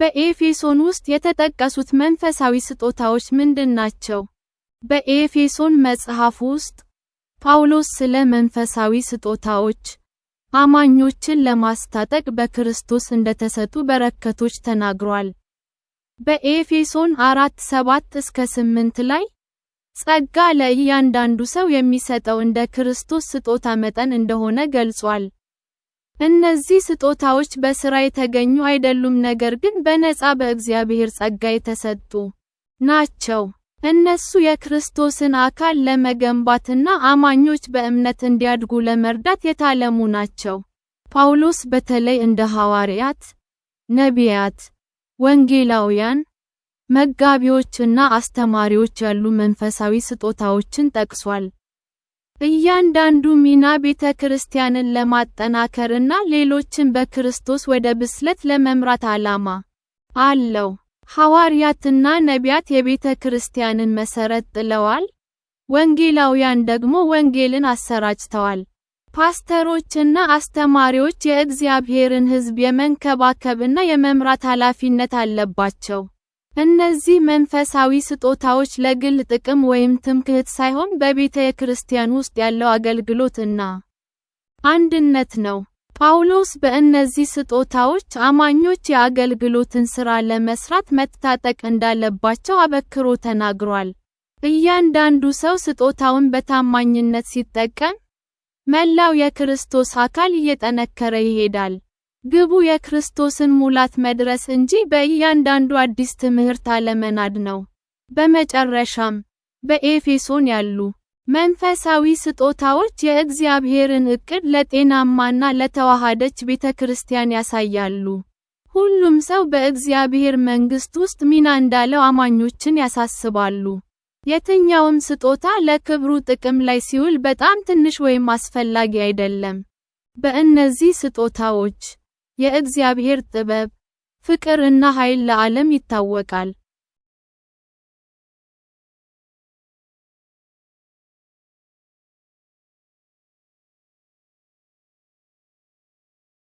በኤፌሶን ውስጥ የተጠቀሱት መንፈሳዊ ስጦታዎች ምንድን ናቸው? በኤፌሶን መጽሐፍ ውስጥ ጳውሎስ ስለ መንፈሳዊ ስጦታዎች፣ አማኞችን ለማስታጠቅ በክርስቶስ እንደተሰጡ በረከቶች ተናግሯል። በኤፌሶን 4 7 እስከ 8 ላይ ጸጋ ለእያንዳንዱ ሰው የሚሰጠው እንደ ክርስቶስ ስጦታ መጠን እንደሆነ ገልጿል። እነዚህ ስጦታዎች በሥራ የተገኙ አይደሉም ነገር ግን በነፃ በእግዚአብሔር ጸጋ የተሰጡ ናቸው። እነሱ የክርስቶስን አካል ለመገንባትና አማኞች በእምነት እንዲያድጉ ለመርዳት የታለሙ ናቸው። ጳውሎስ በተለይ እንደ ሐዋርያት፣ ነቢያት፣ ወንጌላውያን፣ መጋቢዎችና አስተማሪዎች ያሉ መንፈሳዊ ስጦታዎችን ጠቅሷል። እያንዳንዱ ሚና ቤተ ክርስቲያንን ለማጠናከርና ሌሎችን በክርስቶስ ወደ ብስለት ለመምራት ዓላማ አለው። ሐዋርያትና ነቢያት የቤተ ክርስቲያንን መሠረት ጥለዋል፣ ወንጌላውያን ደግሞ ወንጌልን አሰራጭተዋል። ፓስተሮችና አስተማሪዎች የእግዚአብሔርን ሕዝብ የመንከባከብና የመምራት ኃላፊነት አለባቸው። እነዚህ መንፈሳዊ ስጦታዎች ለግል ጥቅም ወይም ትምክህት ሳይሆን በቤተ ክርስቲያን ውስጥ ያለው አገልግሎት እና አንድነት ነው። ጳውሎስ በእነዚህ ስጦታዎች አማኞች የአገልግሎትን ሥራ ለመሥራት መታጠቅ እንዳለባቸው አበክሮ ተናግሯል። እያንዳንዱ ሰው ስጦታውን በታማኝነት ሲጠቀም፣ መላው የክርስቶስ አካል እየጠነከረ ይሄዳል። ግቡ የክርስቶስን ሙላት መድረስ እንጂ በእያንዳንዱ አዲስ ትምህርት አለመናድ ነው። በመጨረሻም፣ በኤፌሶን ያሉ መንፈሳዊ ስጦታዎች የእግዚአብሔርን ዕቅድ ለጤናማና ለተዋሃደች ቤተ ክርስቲያን ያሳያሉ። ሁሉም ሰው በእግዚአብሔር መንግሥት ውስጥ ሚና እንዳለው አማኞችን ያሳስባሉ። የትኛውም ስጦታ ለክብሩ ጥቅም ላይ ሲውል በጣም ትንሽ ወይም አስፈላጊ አይደለም። በእነዚህ ስጦታዎች የእግዚአብሔር ጥበብ፣ ፍቅር እና ኃይል ለዓለም ይታወቃል።